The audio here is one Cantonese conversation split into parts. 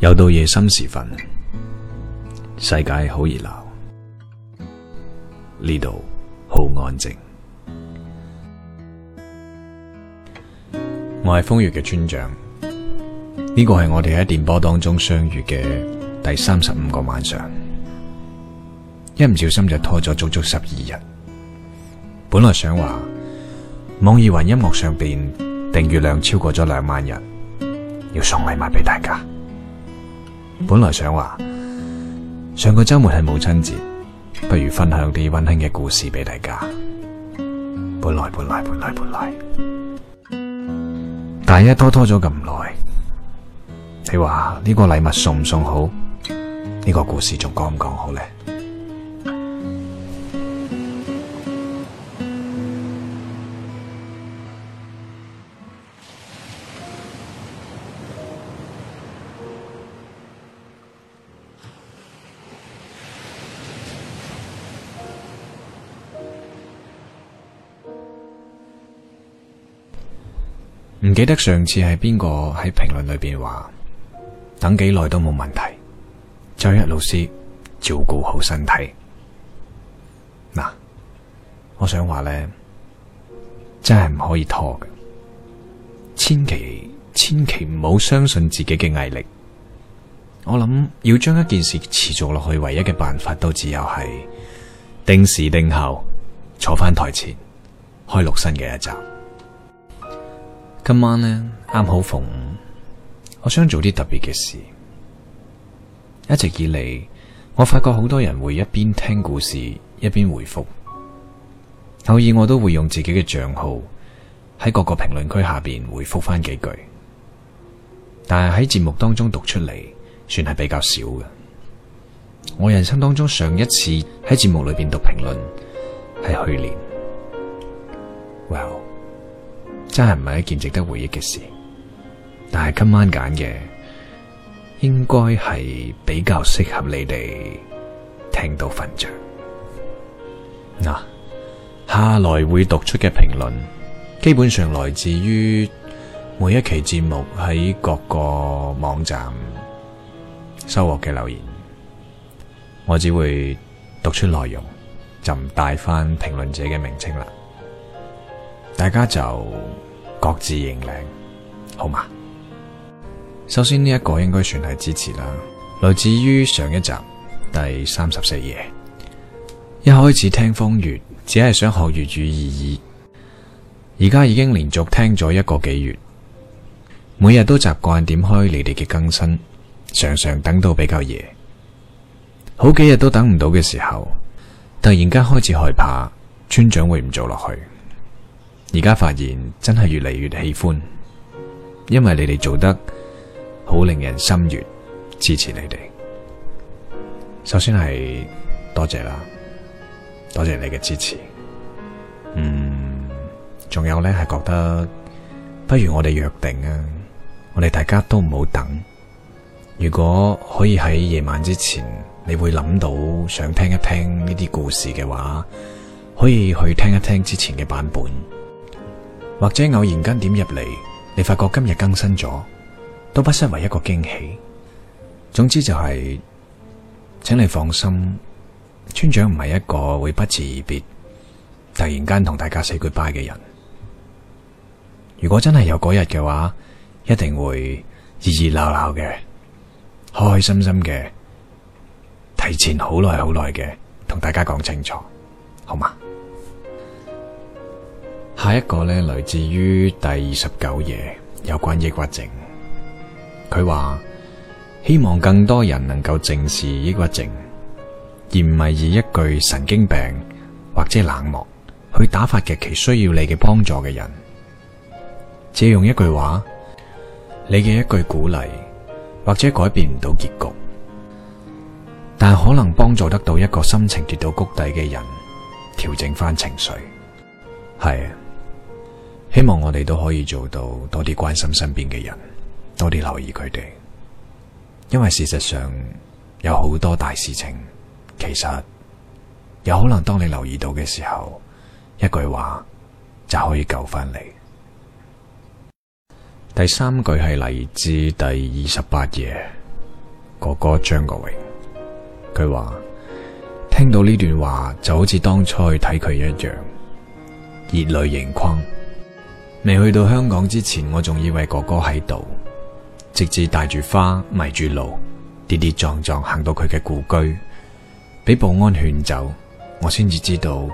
又到夜深時分，世界好熱鬧，呢度好安靜。我係瘋粵嘅村長，呢個係我哋喺電波當中相遇嘅第三十五個晚上，一唔小心就拖咗足足十二日。本來想話，網易雲音樂上邊訂閱量超過咗兩萬人，要送禮物俾大家。本來想話上個周末係母親節，不如分享啲溫馨嘅故事俾大家。本來本來本來本來，但一拖拖咗咁耐，你話呢個禮物送唔送好？呢個故事仲講唔講好咧？唔記得上次係邊個喺評論裏邊話等幾耐都冇問題，周一老師照顧好身體。嗱，我想話咧，真係唔可以拖嘅，千祈千祈唔好相信自己嘅毅力。我諗要將一件事持續落去，唯一嘅辦法都只有係定時定候坐翻台前開錄新嘅一集。今晚呢啱好逢五，我想做啲特別嘅事。一直以嚟，我發覺好多人會一邊聽故事一邊回覆，偶爾我都會用自己嘅賬號喺各個評論區下邊回覆翻幾句。但係喺節目當中讀出嚟，算係比較少嘅。我人生當中上一次喺節目裏邊讀評論，係去年。Well. 真係唔係一件值得回憶嘅事，但係今晚揀嘅應該係比較適合你哋聽到瞓着。嗱、啊，下來會讀出嘅評論，基本上來自於每一期節目喺各個網站收穫嘅留言，我只會讀出內容，就唔帶翻評論者嘅名稱啦。大家就各自認領，好嘛？首先呢一個應該算係支持啦，來自於上一集第三十四夜。一開始聽《瘋粵》，只係想學粵語而已。而家已經連續聽咗一個幾月，每日都習慣點開你哋嘅更新，常常等到比較夜。好幾日都等唔到嘅時候，突然間開始害怕村長會唔做落去。而家發現真係越嚟越喜歡，因為你哋做得好令人心悅，支持你哋。首先係多謝啦，多謝你嘅支持。嗯，仲有呢，係覺得，不如我哋約定啊，我哋大家都唔好等。如果可以喺夜晚之前，你會諗到想聽一聽呢啲故事嘅話，可以去聽一聽之前嘅版本。或者偶然間點入嚟，你發覺今日更新咗，都不失為一個驚喜。總之就係、是，請你放心，村長唔係一個會不辭而別、突然間同大家 Say goodbye 嘅人。如果真係有嗰日嘅話，一定會熱熱鬧鬧嘅、開開心心嘅，提前好耐好耐嘅同大家講清楚，好嘛？下一個呢，來自於第二十九夜，有關抑鬱症。佢話希望更多人能夠正視抑鬱症，而唔係以一句神經病或者冷漠去打發極其需要你嘅幫助嘅人。借用一句話，你嘅一句鼓勵或者改變唔到結局，但可能幫助得到一個心情跌到谷底嘅人調整翻情緒。係。希望我哋都可以做到多啲關心身邊嘅人，多啲留意佢哋，因為事實上有好多大事情，其實有可能當你留意到嘅時候，一句話就可以救翻你。第三句係嚟自第二十八夜，哥哥張國榮，佢話聽到呢段話就好似當初睇佢一樣，熱淚盈眶。未去到香港之前，我仲以為哥哥喺度，直至帶住花迷住路，跌跌撞撞行到佢嘅故居，俾保安勸走，我先至知道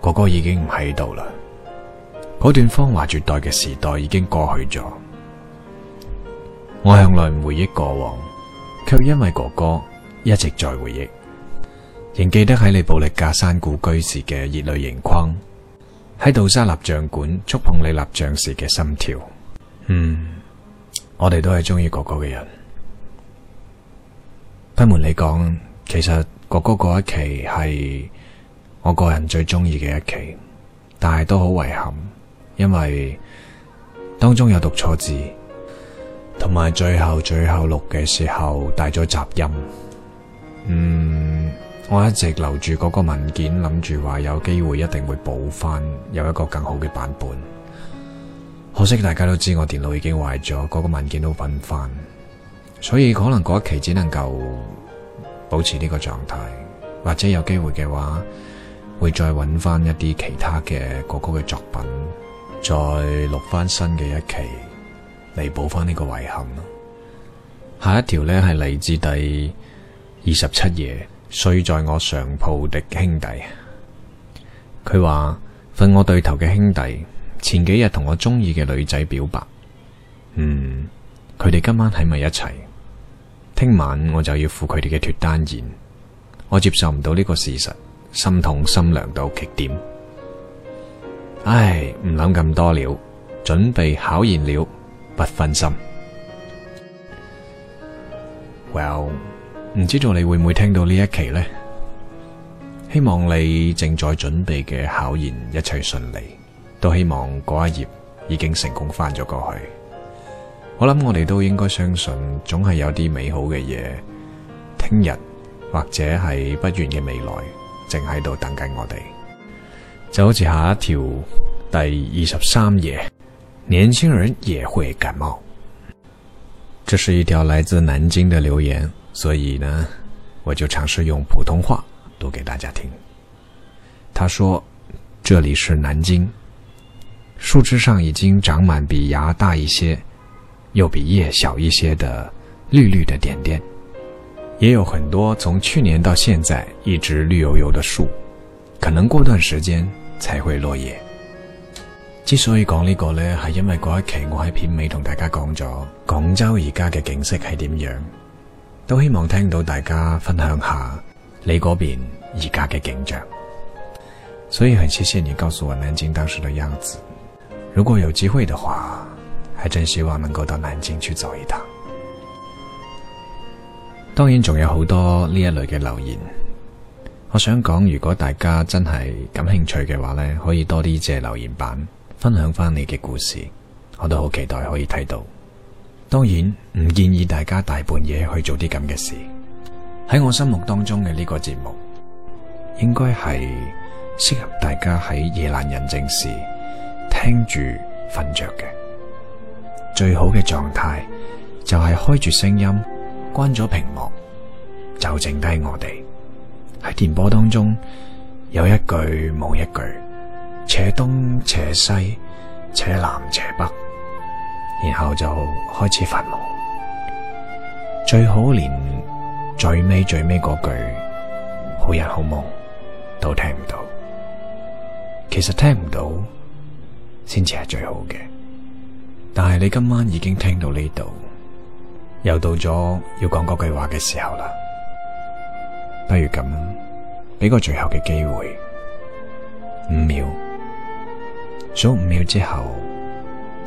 哥哥已經唔喺度啦。嗰段芳華絕代嘅時代已經過去咗，我向來唔回憶過往，卻因為哥哥一直在回憶，仍記得喺你布力架山故居時嘅熱淚盈眶。喺杜莎蠟像館觸碰你蠟像時嘅心跳，嗯，我哋都係中意哥哥嘅人。不瞞你講，其實哥哥嗰一期係我個人最中意嘅一期，但係都好遺憾，因為當中有讀錯字，同埋最後最後錄嘅時候帶咗雜音，嗯。我一直留住嗰個文件，諗住話有機會一定會補翻，有一個更好嘅版本。可惜大家都知我電腦已經壞咗，嗰個文件都揾唔翻，所以可能嗰一期只能夠保持呢個狀態，或者有機會嘅話，會再揾翻一啲其他嘅哥哥嘅作品，再錄翻新嘅一期嚟補翻呢個遺憾咯。下一條咧，係嚟自第二十七夜。睡在我上鋪的兄弟，佢話瞓我對頭嘅兄弟前幾日同我中意嘅女仔表白，嗯，佢哋今晚喺埋一齊，聽晚我就要赴佢哋嘅脫單宴，我接受唔到呢個事實，心痛心涼到極點，唉，唔諗咁多了，準備考研了，不分心。Well。唔知道你會唔會聽到呢一期呢？希望你正在準備嘅考研一切順利，都希望嗰一頁已經成功翻咗過去。我諗我哋都應該相信，總係有啲美好嘅嘢，聽日或者係不遠嘅未來，正喺度等緊我哋。就好似下一條第二十三夜，年輕人也會感冒。這是一條來自南京的留言。所以呢，我就嘗試用普通話讀給大家聽。他說：“這裏是南京，樹枝上已經長滿比芽大一些，又比葉小一些的綠綠的點點，也有很多從去年到現在一直綠油油的樹，可能過段時間才會落葉。”之 所以講呢個呢，係因為嗰一期我喺片尾同大家講咗廣州而家嘅景色係點樣。都希望聽到大家分享下你嗰邊而家嘅景象，所以很謝謝你告訴我南京當時的樣子。如果有機會的話，還真希望能夠到南京去走一趟。當然，仲有好多呢一類嘅留言，我想講，如果大家真係感興趣嘅話呢，可以多啲借留言板分享翻你嘅故事，我都好期待可以睇到。當然唔建議大家大半夜去做啲咁嘅事。喺我心目當中嘅呢個節目，應該係適合大家喺夜闌人靜時聽住瞓着嘅。最好嘅狀態就係開住聲音，關咗屏幕，就剩低我哋喺電波當中有一句冇一句，扯東扯西，扯南扯北。然後就開始發夢，最好連最尾最尾嗰句好人好夢都聽唔到。其實聽唔到先至係最好嘅。但係你今晚已經聽到呢度，又到咗要講嗰句話嘅時候啦。不如咁，俾個最後嘅機會，五秒，數五秒之後。